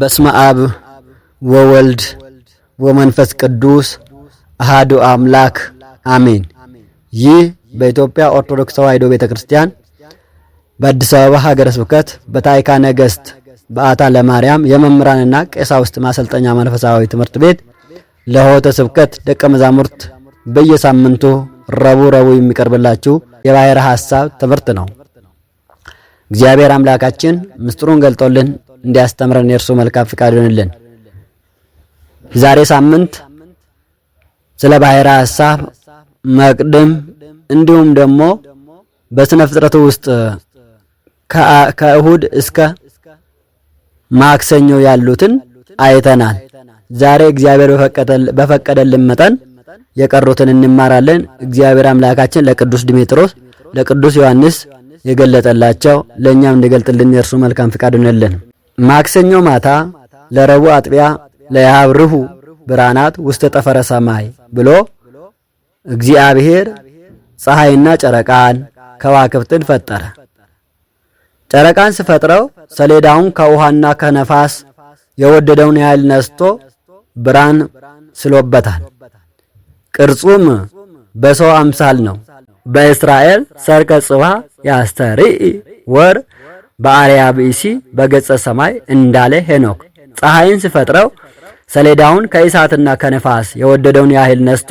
በስመ አብ ወወልድ ወመንፈስ ቅዱስ አሃዱ አምላክ አሜን። ይህ በኢትዮጵያ ኦርቶዶክስ ተዋሕዶ ቤተ ክርስቲያን በአዲስ አበባ ሀገረ ስብከት በታይካ ነገሥት በዓታ ለማርያም የመምህራንና ቀሳውስት ማሰልጠኛ መንፈሳዊ ትምህርት ቤት ለሆተ ስብከት ደቀ መዛሙርት በየሳምንቱ ረቡ ረቡ የሚቀርብላችሁ የባሕረ ሐሳብ ትምህርት ነው። እግዚአብሔር አምላካችን ምስጢሩን ገልጦልን እንዲያስተምረን የእርሱ መልካም ፍቃድ ይሆንልን። ዛሬ ሳምንት ስለ ባሕረ ሐሳብ መቅድም እንዲሁም ደግሞ በስነ ፍጥረቱ ውስጥ ከእሁድ እስከ ማክሰኞ ያሉትን አይተናል። ዛሬ እግዚአብሔር በፈቀደልን መጠን የቀሩትን እንማራለን። እግዚአብሔር አምላካችን ለቅዱስ ዲሜጥሮስ ለቅዱስ ዮሐንስ የገለጠላቸው ለእኛም እንዲገልጥልን የእርሱ መልካም ፍቃድ ይሆንልን። ማክሰኞ ማታ ለረቡ አጥቢያ ለያብርሁ ብርሃናት ውስተ ጠፈረ ሰማይ ብሎ እግዚአብሔር ፀሐይና ጨረቃን ከዋክብትን ፈጠረ። ጨረቃን ስፈጥረው ሰሌዳውን ከውሃና ከነፋስ የወደደውን ያህል ነስቶ ብራን ስሎበታል። ቅርጹም በሰው አምሳል ነው። በእስራኤል ሰርከ ጽባ ያስተርኢ ወር በአርያ ብእሲ በገጸ ሰማይ እንዳለ ሄኖክ ፀሐይን ሲፈጥረው ሰሌዳውን ከእሳትና ከነፋስ የወደደውን ያህል ነስቶ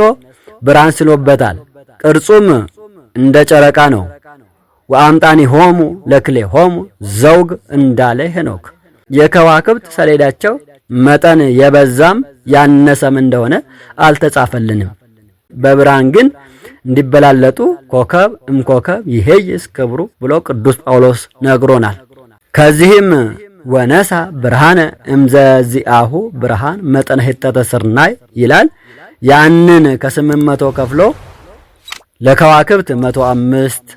ብርሃን ስሎበታል። ቅርጹም እንደ ጨረቃ ነው። ወአምጣኒ ሆሙ ለክሌ ሆሙ ዘውግ እንዳለ ሄኖክ የከዋክብት ሰሌዳቸው መጠን የበዛም ያነሰም እንደሆነ አልተጻፈልንም። በብርሃን ግን እንዲበላለጡ ኮከብ እምኮከብ ይሄይስ ክብሩ ብሎ ቅዱስ ጳውሎስ ነግሮናል። ከዚህም ወነሳ ብርሃነ እምዘዚአሁ ብርሃን መጠነ ኅጠተ ስርናይ ይላል። ያንን ከስምንት መቶ ከፍሎ ለከዋክብት መቶ አምስት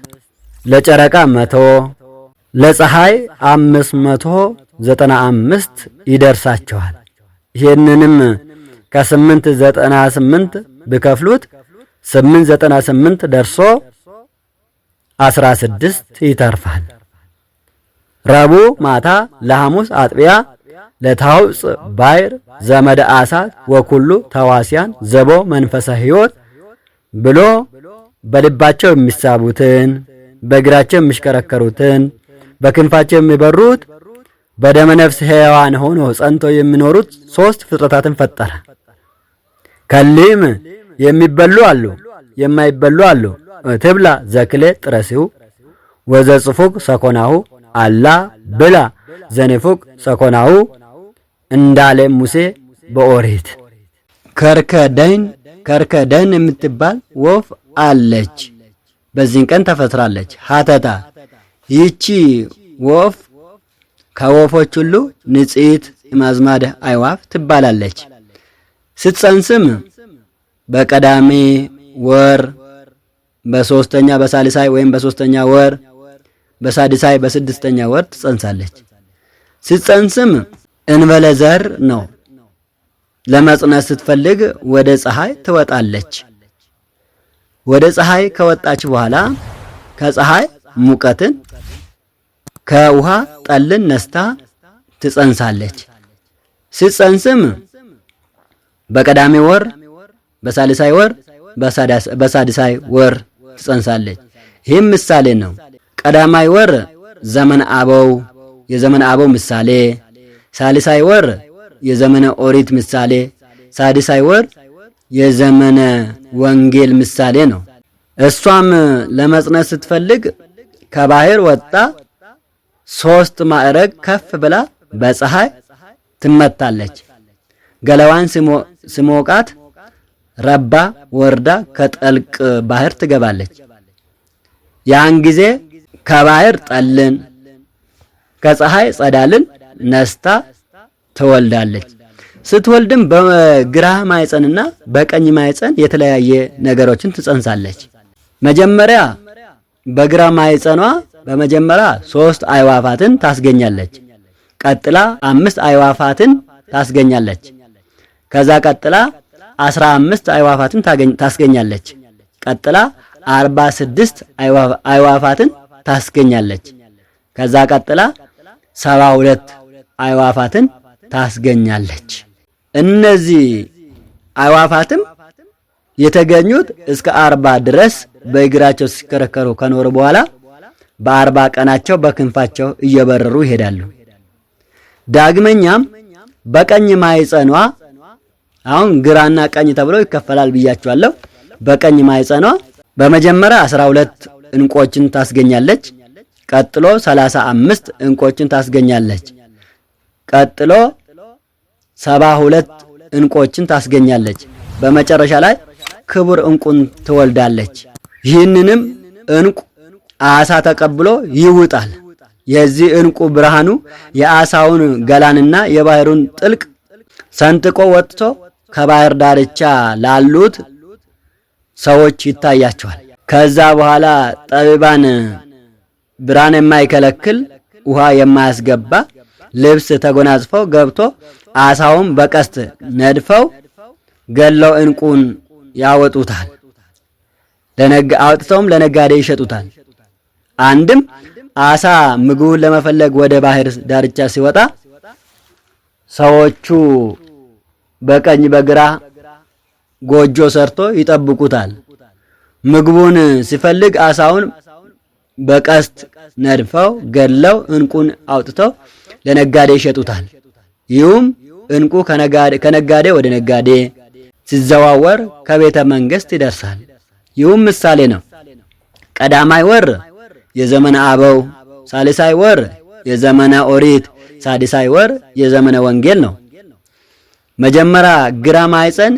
ለጨረቃ መቶ ለፀሐይ አምስት መቶ ዘጠና አምስት ይደርሳቸዋል። ይህንንም ከስምንት ዘጠና ስምንት ብከፍሉት 898 ደርሶ 16 ይተርፋል። ረቡዕ ማታ ለሐሙስ አጥቢያ ለታውጽ ባይር ዘመደ አሳት ወኩሉ ተዋሲያን ዘቦ መንፈሰ ሕይወት ብሎ በልባቸው የሚሳቡትን በእግራቸው የሚሽከረከሩትን በክንፋቸው የሚበሩት በደመ ነፍስ ሕያዋን ሆኖ ጸንቶ የሚኖሩት ሦስት ፍጥረታትን ፈጠረ ከሊም የሚበሉ አሉ፣ የማይበሉ አሉ። እትብላ ዘክሌ ጥረሲሁ ወዘጽፉቅ ሰኮናሁ አላ ብላ ዘኔፉቅ ሰኮናሁ እንዳለ ሙሴ በኦሪት። ከርከደን ከርከደን የምትባል ወፍ አለች። በዚህን ቀን ተፈጥራለች። ሀተታ ይቺ ወፍ ከወፎች ሁሉ ንጽሕት ማዝማድ አይዋፍ ትባላለች። ስትጸንስም በቀዳሜ ወር በሶስተኛ በሳልሳይ ወይም በሶስተኛ ወር በሳድሳይ በስድስተኛ ወር ትጸንሳለች። ስትጸንስም እንበለ ዘር ነው። ለመጽነስ ስትፈልግ ወደ ፀሐይ ትወጣለች። ወደ ፀሐይ ከወጣች በኋላ ከፀሐይ ሙቀትን ከውሃ ጠልን ነስታ ትጸንሳለች። ስትጸንስም በቀዳሜ ወር በሳልሳይ ወር በሳድሳይ ወር ትጸንሳለች። ይህም ምሳሌ ነው። ቀዳማይ ወር ዘመን አበው የዘመን አበው ምሳሌ፣ ሳልሳይ ወር የዘመነ ኦሪት ምሳሌ፣ ሳድሳይ ወር የዘመነ ወንጌል ምሳሌ ነው። እሷም ለመጽነስ ስትፈልግ ከባህር ወጣ ሶስት ማዕረግ ከፍ ብላ በፀሐይ ትመታለች። ገለዋን ስሞቃት ረባ ወርዳ ከጠልቅ ባህር ትገባለች። ያን ጊዜ ከባህር ጠልን ከፀሐይ ጸዳልን ነስታ ትወልዳለች። ስትወልድም በግራ ማይፀንና በቀኝ ማይፀን የተለያየ ነገሮችን ትጸንሳለች። መጀመሪያ በግራ ማይፀኗ በመጀመሪያ ሶስት አይዋፋትን ታስገኛለች። ቀጥላ አምስት አይዋፋትን ታስገኛለች። ከዛ ቀጥላ አስራ አምስት አይዋፋትን ታስገኛለች። ቀጥላ አርባ ስድስት አይዋፋትን ታስገኛለች። ከዛ ቀጥላ ሰባ ሁለት አይዋፋትን ታስገኛለች። እነዚህ አይዋፋትም የተገኙት እስከ አርባ ድረስ በእግራቸው ሲከረከሩ ከኖሩ በኋላ በአርባ ቀናቸው በክንፋቸው እየበረሩ ይሄዳሉ። ዳግመኛም በቀኝ ማይጸኗ አሁን ግራና ቀኝ ተብሎ ይከፈላል ብያችኋለሁ። በቀኝ ማይጸኗ በመጀመሪያ 12 እንቆችን ታስገኛለች። ቀጥሎ 35 እንቆችን ታስገኛለች። ቀጥሎ 72 እንቆችን ታስገኛለች። በመጨረሻ ላይ ክቡር እንቁን ትወልዳለች። ይህንንም እንቁ አሳ ተቀብሎ ይውጣል። የዚህ እንቁ ብርሃኑ የአሳውን ገላንና የባህሩን ጥልቅ ሰንጥቆ ወጥቶ ከባህር ዳርቻ ላሉት ሰዎች ይታያቸዋል። ከዛ በኋላ ጠቢባን ብርሃን የማይከለክል ውሃ የማያስገባ ልብስ ተጎናጽፈው ገብቶ አሳውን በቀስት ነድፈው ገለው እንቁን ያወጡታል። ለነጋ አውጥተውም ለነጋዴ ይሸጡታል። አንድም አሳ ምግቡን ለመፈለግ ወደ ባህር ዳርቻ ሲወጣ ሰዎቹ በቀኝ በግራ ጎጆ ሰርቶ ይጠብቁታል። ምግቡን ሲፈልግ አሳውን በቀስት ነድፈው ገድለው እንቁን አውጥተው ለነጋዴ ይሸጡታል። ይሁም እንቁ ከነጋዴ ወደ ነጋዴ ሲዘዋወር ከቤተ መንግስት ይደርሳል። ይሁም ምሳሌ ነው። ቀዳማይ ወር የዘመነ አበው፣ ሳልሳይ ወር የዘመነ ኦሪት፣ ሳዲሳይ ወር የዘመነ ወንጌል ነው። መጀመሪያ ግራ ማይፀን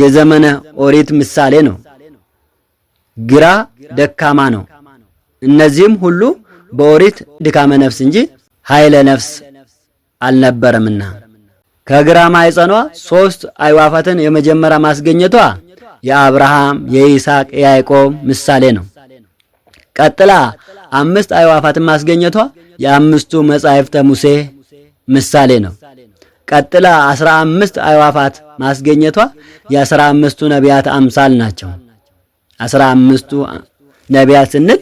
የዘመነ ኦሪት ምሳሌ ነው። ግራ ደካማ ነው። እነዚህም ሁሉ በኦሪት ድካመ ነፍስ እንጂ ኃይለ ነፍስ አልነበረምና ከግራ ማህፀኗ ሶስት አዕዋፋትን የመጀመሪያ ማስገኘቷ የአብርሃም፣ የይስሐቅ፣ የያዕቆብ ምሳሌ ነው። ቀጥላ አምስት አዕዋፋትን ማስገኘቷ የአምስቱ መጻሕፍተ ሙሴ ምሳሌ ነው። ቀጥላ አስራ አምስት አእዋፋት ማስገኘቷ የአስራ አምስቱ ነቢያት አምሳል ናቸው። አስራ አምስቱ ነቢያት ስንል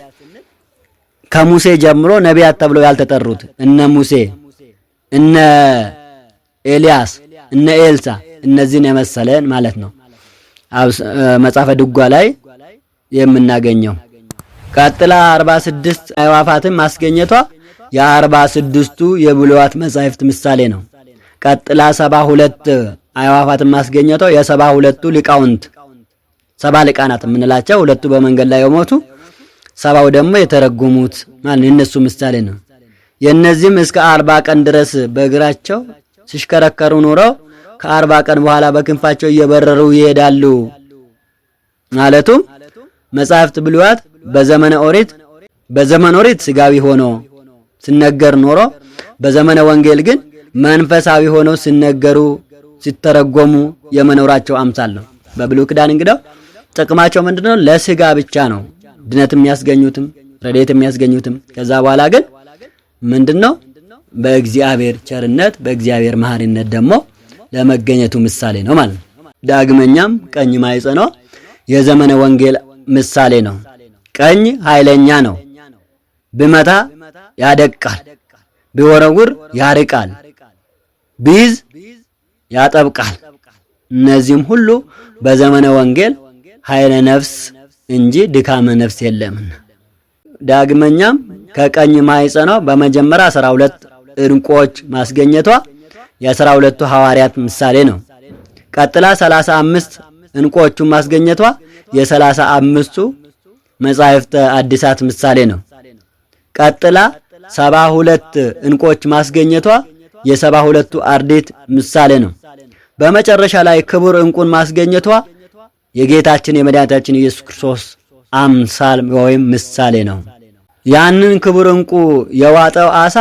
ከሙሴ ጀምሮ ነቢያት ተብለው ያልተጠሩት እነ ሙሴ፣ እነ ኤልያስ፣ እነ ኤልሳ እነዚህን የመሰለን ማለት ነው። መጽሐፈ ድጓ ላይ የምናገኘው ቀጥላ አርባ ስድስት አዕዋፋትን ማስገኘቷ የአርባ ስድስቱ የብሉያት መጻሕፍት ምሳሌ ነው። ቀጥላ ሰባ ሁለት አዕዋፋትን ማስገኘቷ የሰባ ሁለቱ ሊቃውንት ሰባ ሊቃናት የምንላቸው ሁለቱ በመንገድ ላይ የሞቱ ሰባው ደግሞ የተረጉሙት ማለት የእነሱ ምሳሌ ነው። የእነዚህም እስከ አርባ ቀን ድረስ በእግራቸው ሲሽከረከሩ ኑረው ከአርባ ቀን በኋላ በክንፋቸው እየበረሩ ይሄዳሉ። ማለቱም መጽሐፍት ብሉያት በዘመነ ኦሪት በዘመነ ኦሪት ስጋዊ ሆኖ ሲነገር ኖሮ በዘመነ ወንጌል ግን መንፈሳዊ ሆነው ሲነገሩ ሲተረጎሙ የመኖራቸው አምሳል ነው። በብሉይ ኪዳን እንግዲያው ጥቅማቸው ምንድነው? ለስጋ ብቻ ነው ድነት የሚያስገኙትም ረድኤት የሚያስገኙትም። ከዛ በኋላ ግን ምንድነው? በእግዚአብሔር ቸርነት በእግዚአብሔር መሐሪነት ደግሞ ለመገኘቱ ምሳሌ ነው ማለት ነው። ዳግመኛም ቀኝ ማይጸኗ የዘመነ ወንጌል ምሳሌ ነው። ቀኝ ኃይለኛ ነው። ብመታ ያደቃል፣ ብወረውር ያርቃል ቢዝ ያጠብቃል። እነዚህም ሁሉ በዘመነ ወንጌል ኃይለ ነፍስ እንጂ ድካመ ነፍስ የለምና። ዳግመኛም ከቀኝ ማኅፀኗ በመጀመሪያ አስራ ሁለት ዕንቁዎች ማስገኘቷ የአስራ ሁለቱ ሐዋርያት ምሳሌ ነው። ቀጥላ ሰላሳ አምስት ዕንቁዎቹን ማስገኘቷ የሰላሳ አምስቱ መጻሕፍተ አዲሳት ምሳሌ ነው። ቀጥላ ሰባ ሁለት ዕንቆች ማስገኘቷ የሰባ ሁለቱ አርዴት ምሳሌ ነው። በመጨረሻ ላይ ክቡር እንቁን ማስገኘቷ የጌታችን የመድኃኒታችን ኢየሱስ ክርስቶስ አምሳል ወይም ምሳሌ ነው። ያንን ክቡር እንቁ የዋጠው አሳ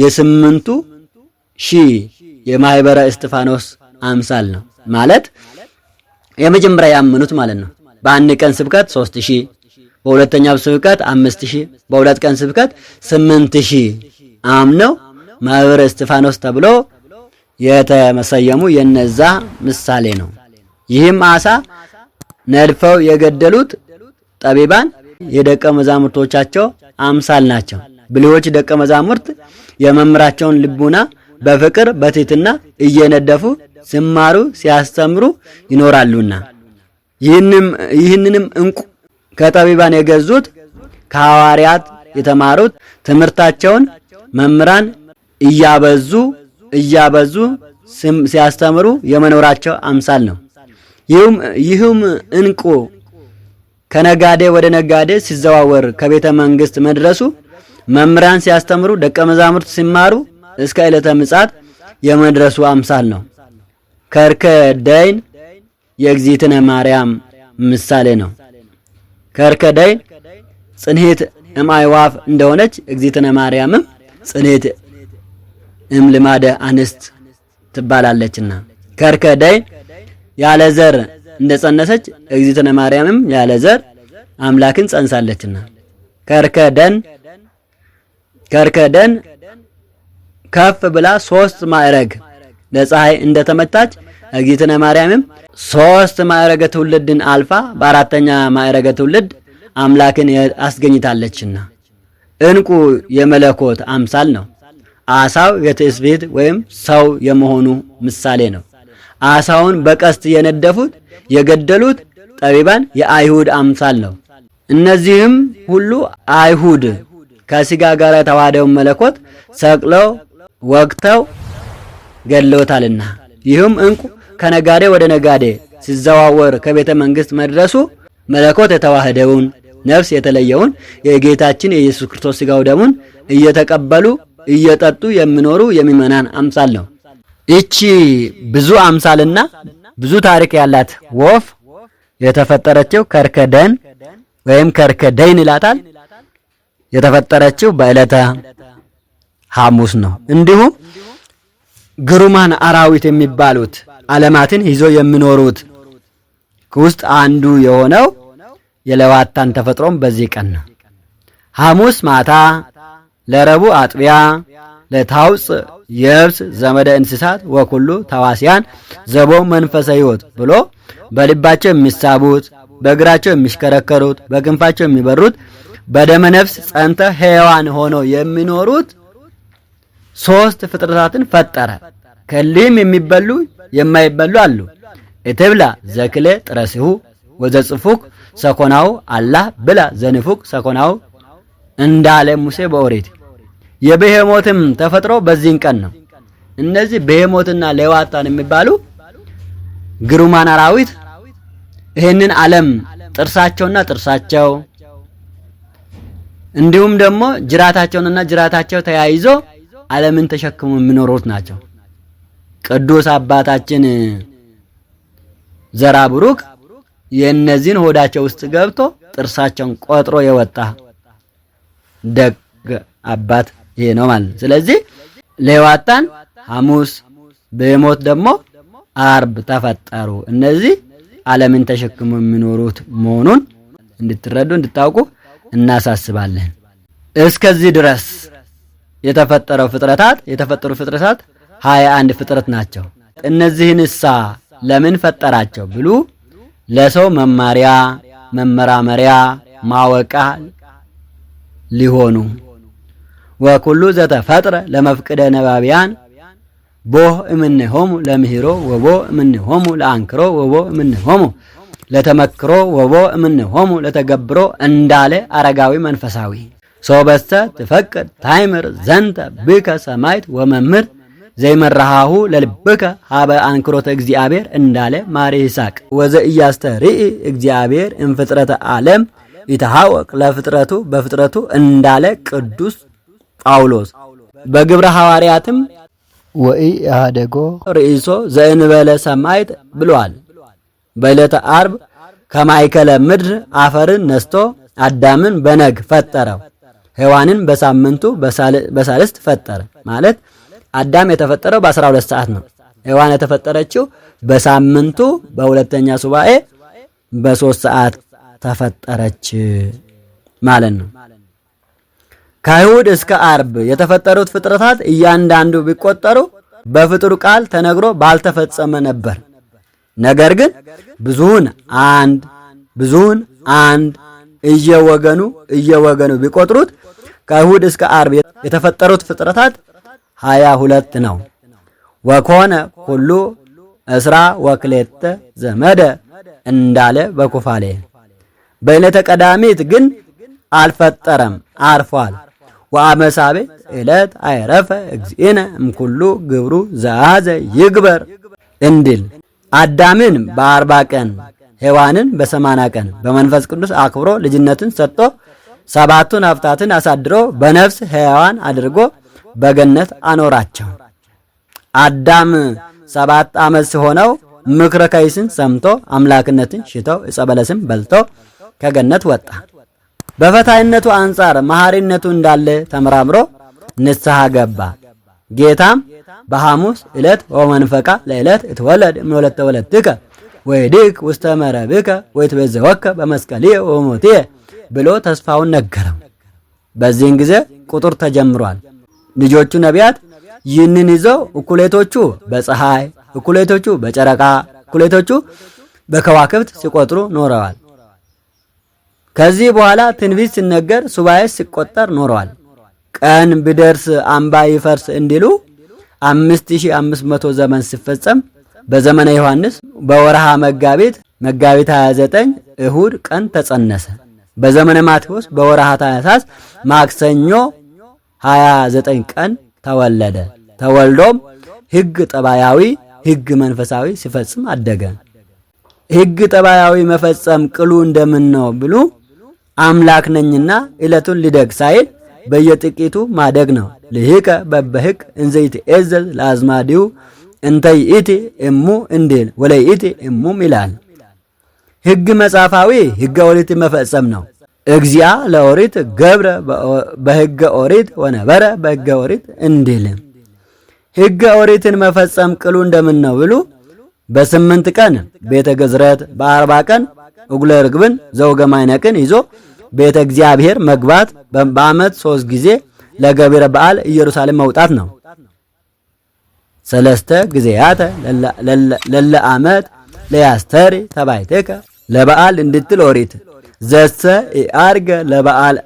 የስምንቱ ሺህ የማኅበረ እስጢፋኖስ አምሳል ነው ማለት የመጀመሪያ ያመኑት ማለት ነው። በአንድ ቀን ስብከት ሦስት ሺህ በሁለተኛው ስብከት አምስት ሺህ በሁለት ቀን ስብከት ስምንት ሺህ አምነው ማህበረ እስጢፋኖስ ተብሎ የተመሰየሙ የነዛ ምሳሌ ነው። ይህም አሳ ነድፈው የገደሉት ጠቢባን የደቀ መዛሙርቶቻቸው አምሳል ናቸው። ብልዎች ደቀ መዛሙርት የመምህራቸውን ልቡና በፍቅር በትህትና እየነደፉ ሲማሩ ሲያስተምሩ ይኖራሉና ይህንንም እንቁ ከጠቢባን የገዙት ከሐዋርያት የተማሩት ትምህርታቸውን መምህራን እያበዙ እያበዙ ሲያስተምሩ የመኖራቸው አምሳል ነው። ይህም እንቁ ከነጋዴ ወደ ነጋዴ ሲዘዋወር ከቤተ መንግስት መድረሱ መምህራን ሲያስተምሩ ደቀ መዛሙርት ሲማሩ እስከ ዕለተ ምጻት የመድረሱ አምሳል ነው። ከርከ ደይን የእግዚእትነ ማርያም ምሳሌ ነው። ከርከ ደይን ጽንሄት እማይዋፍ እንደሆነች እግዚእትነ ማርያምም ጽንሄት እም ልማደ አንስት ትባላለችና ከርከዳይ ያለ ዘር እንደጸነሰች እግዚእትነ ማርያምም ያለ ዘር አምላክን ጸንሳለችና ከርከደን ከርከደን ከፍ ብላ ሶስት ማዕረግ ለፀሐይ እንደተመታች እግዚእትነ ማርያምም ሶስት ማዕረገ ትውልድን አልፋ በአራተኛ ማዕረገ ትውልድ አምላክን አስገኝታለችና እንቁ የመለኮት አምሳል ነው። አሳው የትዕስቢት ወይም ሰው የመሆኑ ምሳሌ ነው። አሳውን በቀስት የነደፉት የገደሉት ጠቢባን የአይሁድ አምሳል ነው። እነዚህም ሁሉ አይሁድ ከሥጋ ጋር የተዋሃደውን መለኮት ሰቅለው ወግተው ገድለውታልና ይህም እንቁ ከነጋዴ ወደ ነጋዴ ሲዘዋወር ከቤተ መንግሥት መድረሱ መለኮት የተዋህደውን ነፍስ የተለየውን የጌታችን የኢየሱስ ክርስቶስ ሥጋው ደሙን እየተቀበሉ እየጠጡ የሚኖሩ የሚመናን አምሳል ነው። ይቺ ብዙ አምሳልና ብዙ ታሪክ ያላት ወፍ የተፈጠረችው ከርከደን ወይም ከርከደይን ይላታል። የተፈጠረችው በዕለተ ሐሙስ ነው። እንዲሁም ግሩማን አራዊት የሚባሉት ዓለማትን ይዞ የሚኖሩት ውስጥ አንዱ የሆነው የለዋታን ተፈጥሮም በዚህ ቀን ነው። ሐሙስ ማታ ለረቡ አጥቢያ ለታውፅ የብስ ዘመደ እንስሳት ወኩሉ ታዋሲያን ዘቦ መንፈሰ ሕይወት ብሎ በልባቸው የሚሳቡት በእግራቸው የሚሽከረከሩት በክንፋቸው የሚበሩት በደመ ነፍስ ጸንተ ሕያዋን ሆነው የሚኖሩት ሶስት ፍጥረታትን ፈጠረ። ከሊም የሚበሉ የማይበሉ አሉ። እትብላ ዘክሌ ጥረስሁ ወዘጽፉክ ሰኮናው አላህ ብላ ዘንፉክ ሰኮናው እንዳለ ሙሴ በኦሪት የብሄሞትም ተፈጥሮ በዚህን ቀን ነው። እነዚህ ብሄሞትና ሌዋጣን የሚባሉ ግሩማን አራዊት ይህንን ዓለም ጥርሳቸውና ጥርሳቸው እንዲሁም ደግሞ ጅራታቸውንና ጅራታቸው ተያይዞ ዓለምን ተሸክሞ የሚኖሩት ናቸው። ቅዱስ አባታችን ዘራ ብሩክ የእነዚህን ሆዳቸው ውስጥ ገብቶ ጥርሳቸውን ቆጥሮ የወጣ ደግ አባት ይሄ ነው ማለት ነው። ስለዚህ ለህዋጣን ሐሙስ በሞት ደግሞ አርብ ተፈጠሩ። እነዚህ ዓለምን ተሸክሞ የሚኖሩት መሆኑን እንድትረዱ እንድታውቁ እናሳስባለን። እስከዚህ ድረስ የተፈጠረው ፍጥረታት የተፈጠሩ ፍጥረታት ሀያ አንድ ፍጥረት ናቸው። እሳ ለምን ፈጠራቸው ብሉ ለሰው መማሪያ መመራመሪያ ማወቃ ሊሆኑ ወኩሉ ዘተፈጥረ ለመፍቅደ ነባቢያን ቦህ እምንሆሙ ለምህሮ ወቦ እምንሆሙ ለአንክሮ ወቦ እምንሆሙ ለተመክሮ ወቦ እምንሆሙ ለተገብሮ እንዳለ አረጋዊ መንፈሳዊ ሶበስተ ትፈቅድ ታይምር ዘንተ ብከ ሰማይት ወመምህር ዘይመራሃሁ ለልብከ ሀበ አንክሮተ እግዚአብሔር እንዳለ ማሪ ይስሐቅ ወዘ እያስተርኢ እግዚአብሔር እምፍጥረተ ዓለም ይተሃወቅ ለፍጥረቱ በፍጥረቱ እንዳለ ቅዱስ ጳውሎስ በግብረ ሐዋርያትም ያደጎ ርእሶ ዘእንበለ ሰማይት ብሏል። በዕለተ ዓርብ ከማይከለ ምድር አፈርን ነስቶ አዳምን በነግ ፈጠረው፣ ሔዋንን በሳምንቱ በሳልስት ፈጠረ። ማለት አዳም የተፈጠረው በ12 ሰዓት ነው። ሔዋን የተፈጠረችው በሳምንቱ በሁለተኛ ሱባኤ በሶስት ሰዓት ተፈጠረች ማለት ነው። ከእሑድ እስከ አርብ የተፈጠሩት ፍጥረታት እያንዳንዱ ቢቆጠሩ በፍጡር ቃል ተነግሮ ባልተፈጸመ ነበር። ነገር ግን ብዙውን አንድ ብዙውን አንድ እየወገኑ እየወገኑ ቢቆጥሩት ከእሑድ እስከ አርብ የተፈጠሩት ፍጥረታት ሀያ ሁለት ነው። ወኮነ ሁሉ እስራ ወክሌተ ዘመደ እንዳለ በኩፋሌ በእለተ ቀዳሚት ግን አልፈጠረም፣ አርፏል። ወአመሳቤ ዕለት አይረፈ እግዚእነ እምኩሉ ግብሩ ዘአኀዘ ይግበር እንድል አዳምን በአርባ ቀን ሔዋንን በሰማና ቀን በመንፈስ ቅዱስ አክብሮ ልጅነትን ሰጥቶ ሰባቱን አፍታትን አሳድሮ በነፍስ ሕያዋን አድርጎ በገነት አኖራቸው። አዳም ሰባት ዓመት ሲሆነው ምክረ ከይስን ሰምቶ አምላክነትን ሽተው ዕፀ በለስን በልቶ ከገነት ወጣ። በፈታይነቱ አንጻር መሐሪነቱ እንዳለ ተመራምሮ ንስሐ ገባ። ጌታም በሐሙስ ዕለት ወመንፈቃ ለዕለት እትወለድ እምወለተ ወለትከ ወይድክ ውስተ መረብከ ወይትቤዘወከ በመስቀልየ ወሞትየ ብሎ ተስፋውን ነገረው። በዚህን ጊዜ ቁጥር ተጀምሯል። ልጆቹ ነቢያት ይህንን ይዘው እኩሌቶቹ በፀሐይ፣ እኩሌቶቹ በጨረቃ፣ እኩሌቶቹ በከዋክብት ሲቆጥሩ ኖረዋል። ከዚህ በኋላ ትንቢት ሲነገር ሱባኤ ሲቆጠር ኖረዋል። ቀን ቢደርስ አምባ ይፈርስ እንዲሉ 5500 ዘመን ሲፈጸም በዘመነ ዮሐንስ በወርሃ መጋቢት መጋቢት 29 እሁድ ቀን ተጸነሰ። በዘመነ ማቴዎስ በወርሃ ታኅሳስ ማክሰኞ 29 ቀን ተወለደ። ተወልዶም ሕግ ጠባያዊ ሕግ መንፈሳዊ ሲፈጽም አደገ። ሕግ ጠባያዊ መፈጸም ቅሉ እንደምን ነው ብሉ አምላክ ነኝና ዕለቱን ልደግ ሳይል በየጥቂቱ ማደግ ነው። ልሂቀ በበህቅ እንዘይት ኤዘዝ ለአዝማዲው እንተይ እቲ እሙ እንዲል ወለይ እቲ እሙም ይላል። ሕግ መጻፋዊ ሕገ ኦሪት መፈጸም ነው። እግዚአ ለኦሪት ገብረ በሕገ ኦሪት ወነበረ በሕገ ኦሪት እንዲል ሕገ ኦሪትን መፈጸም ቅሉ እንደምን ነው ብሉ በስምንት ቀን ቤተ ግዝረት በአርባ ቀን እጉለ ርግብን ዘወገማይነቅን ይዞ ቤተ እግዚአብሔር መግባት በዓመት ሶስት ጊዜ ለገቢረ በዓል ኢየሩሳሌም መውጣት ነው። ሰለስተ ጊዜያተ ለለ ዓመት ለያስተሪ ተባይተከ ለበዓል እንድትል ኦሪት ዘሰ ኢአርገ ለበዓል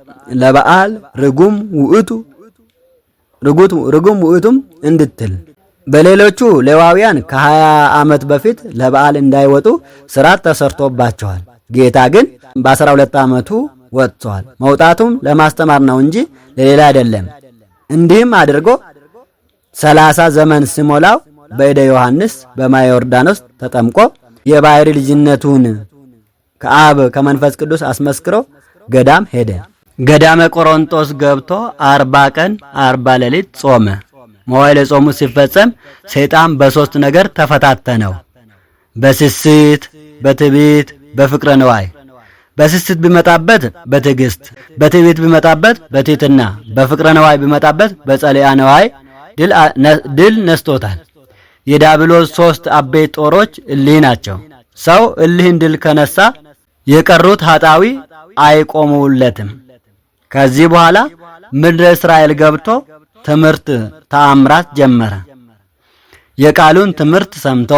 ለበዓል ርጉም ውእቱ ርጉም ውእቱም እንድትል በሌሎቹ ሌዋውያን ከ20 ዓመት በፊት ለበዓል እንዳይወጡ ስርዓት ተሰርቶባቸዋል። ጌታ ግን በ12 ዓመቱ ወጥቷል። መውጣቱም ለማስተማር ነው እንጂ ለሌላ አይደለም። እንዲህም አድርጎ ሰላሳ ዘመን ሲሞላው በእደ ዮሐንስ በማየ ዮርዳኖስ ተጠምቆ የባሕሪ ልጅነቱን ከአብ ከመንፈስ ቅዱስ አስመስክሮ ገዳም ሄደ። ገዳመ ቆሮንጦስ ገብቶ አርባ ቀን አርባ ሌሊት ጾመ። መዋዕለ ጾሙ ሲፈጸም ሰይጣን በሦስት ነገር ተፈታተነው፣ በስስት፣ በትዕቢት በፍቅረ ነዋይ በስስት ቢመጣበት በትዕግስት በትዕቢት ቢመጣበት በትሕትና በፍቅረ ነዋይ ቢመጣበት በጸለያ ነዋይ ድል ነስቶታል። የዲያብሎስ ሶስት አበይት ጦሮች እልህ ናቸው። ሰው እልህን ድል ከነሳ የቀሩት ኃጣዊ አይቆሙለትም። ከዚህ በኋላ ምድረ እስራኤል ገብቶ ትምህርት ተአምራት ጀመረ። የቃሉን ትምህርት ሰምቶ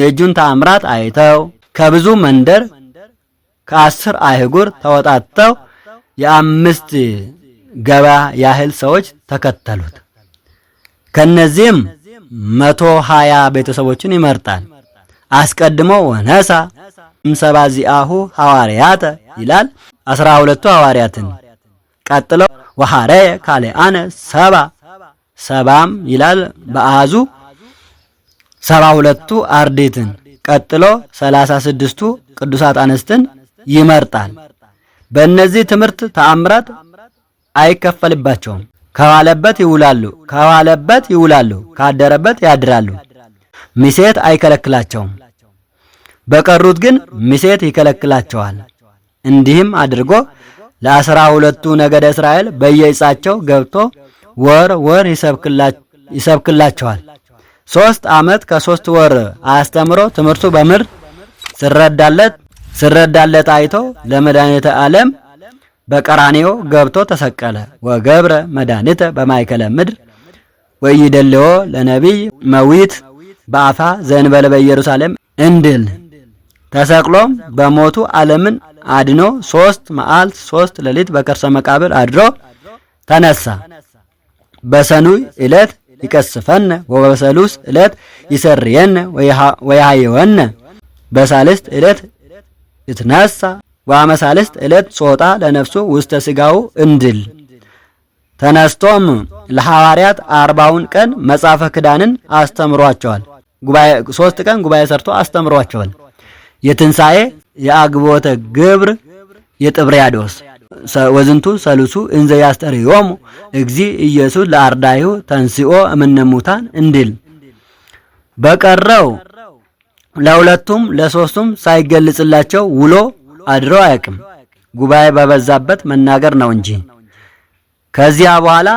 የእጁን ተአምራት አይተው ከብዙ መንደር ከአስር አህጉር ተወጣጥተው የአምስት ገባ ያህል ሰዎች ተከተሉት። ከነዚህም መቶ ሀያ ቤተሰቦችን ይመርጣል። አስቀድሞ ወነሳ እምሰባ ዚአሁ ሐዋርያተ ይላል አስራ ሁለቱ ሐዋርያትን ቀጥለው ወሐረየ አነ ሰባ ሰባም ይላል በአዙ ሰባ ሁለቱ አርዴትን ቀጥሎ ሰላሳ ስድስቱ ቅዱሳት አንስትን ይመርጣል። በእነዚህ ትምህርት ተአምራት አይከፈልባቸውም። ከዋለበት ይውላሉ፣ ከዋለበት ይውላሉ፣ ካደረበት ያድራሉ። ሚሴት አይከለክላቸውም። በቀሩት ግን ሚሴት ይከለክላቸዋል። እንዲህም አድርጎ ለአስራ ሁለቱ ነገደ እስራኤል በየዕጻቸው ገብቶ ወር ወር ይሰብክላቸዋል። ሶስት አመት ከሶስት ወር አስተምሮ ትምህርቱ በምር ስረዳለት ስረዳለት አይቶ ለመድኃኒተ ዓለም በቀራኔዮ ገብቶ ተሰቀለ። ወገብረ መድኃኒተ በማይከለ ምድር ወይደልዎ ለነቢይ መዊት በአፋ ዘንበለ በኢየሩሳሌም እንድል ተሰቅሎም በሞቱ ዓለምን አድኖ ሶስት መዓልት ሶስት ሌሊት በከርሰ መቃብር አድሮ ተነሳ። በሰኑይ ዕለት ይቀስፈን ወበሰሉስ ዕለት ይሰርየን ወያህየወነ በሳልስት ዕለት ይትነሳ ወአመሳልስት ዕለት ጾጣ ለነፍሱ ውስተ ስጋው እንድል ተነስቶም ለሐዋርያት አርባውን ቀን መጻፈ ክዳንን አስተምሯቸዋል። ጉባኤ ሶስት ቀን ጉባኤ ሰርቶ አስተምሯቸዋል። የትንሣኤ የአግቦተ ግብር የጥብርያዶስ ወዝንቱ ሰልሱ እንዘ ያስተርእዮሙ እግዚ ኢየሱስ ለአርዳይሁ ተንስኦ እምንሙታን እንዲል በቀረው ለሁለቱም ለሶስቱም ሳይገልጽላቸው ውሎ አድሮ አያውቅም። ጉባኤ በበዛበት መናገር ነው እንጂ። ከዚያ በኋላ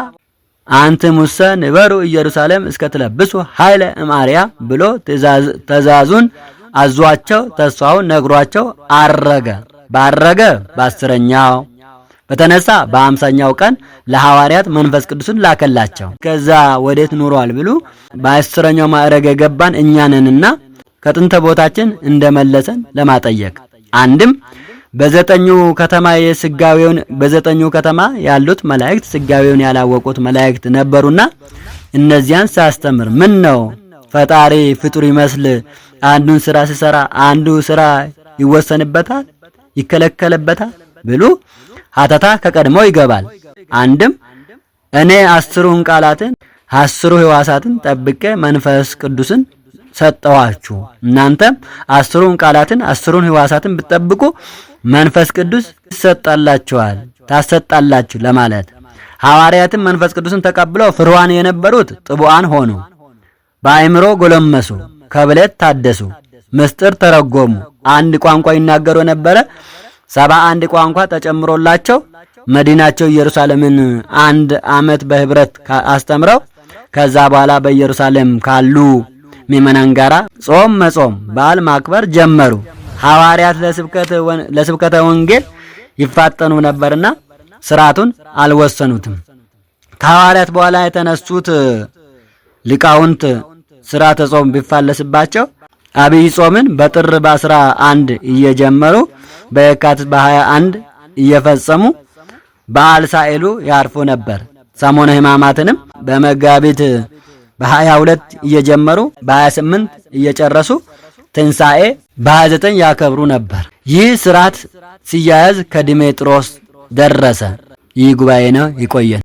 አንት ሙሰ ንበሩ ኢየሩሳሌም እስከትለብሱ ኃይለ እምአርያም ብሎ ትእዛዙን አዟቸው ተስፋውን ነግሯቸው አረገ። ባረገ በአስረኛው በተነሳ በአምሳኛው ቀን ለሐዋርያት መንፈስ ቅዱስን ላከላቸው። ከዛ ወዴት ኑሯል ብሉ በአስረኛው ማዕረግ የገባን እኛንንና ከጥንተ ቦታችን እንደመለሰን ለማጠየቅ አንድም በዘጠኙ ከተማ የስጋዌውን በዘጠኙ ከተማ ያሉት መላእክት ስጋዌውን ያላወቁት መላእክት ነበሩና እነዚያን ሳስተምር ምን ነው ፈጣሪ ፍጡር ይመስል አንዱን ስራ ሲሰራ አንዱ ስራ ይወሰንበታል፣ ይከለከልበታል ብሉ ሀተታ ከቀድሞው ይገባል። አንድም እኔ አስሩን ቃላትን አስሩ ሕዋሳትን ጠብቄ መንፈስ ቅዱስን ሰጠኋችሁ፣ እናንተም አስሩን ቃላትን አስሩን ሕዋሳትን ብትጠብቁ መንፈስ ቅዱስ ይሰጣላችኋል ታሰጣላችሁ ለማለት ሐዋርያትም መንፈስ ቅዱስን ተቀብለው ፍርዋን የነበሩት ጥቡአን ሆኑ፣ በአእምሮ ጎለመሱ፣ ከብለት ታደሱ፣ ምስጢር ተረጎሙ። አንድ ቋንቋ ይናገሩ የነበረ ሰባ አንድ ቋንቋ ተጨምሮላቸው መዲናቸው ኢየሩሳሌምን አንድ ዓመት በህብረት አስተምረው ከዛ በኋላ በኢየሩሳሌም ካሉ ምዕመናን ጋራ ጾም መጾም፣ በዓል ማክበር ጀመሩ። ሐዋርያት ለስብከተ ወንጌል ይፋጠኑ ነበርና ስርዓቱን አልወሰኑትም። ከሐዋርያት በኋላ የተነሱት ሊቃውንት ስርዓተ ጾም ቢፋለስባቸው አብይ ጾምን በጥር በአስራ አንድ እየጀመሩ በየካቲት በሀያ አንድ እየፈጸሙ በዓል ሳይሉ ያርፉ ነበር። ሰሞነ ሕማማትንም በመጋቢት በሀያ ሁለት እየጀመሩ በሀያ ስምንት እየጨረሱ ትንሣኤ በሀያ ዘጠኝ ያከብሩ ነበር። ይህ ስርዓት ሲያያዝ ከድሜጥሮስ ደረሰ። ይህ ጉባኤ ነው። ይቆየን።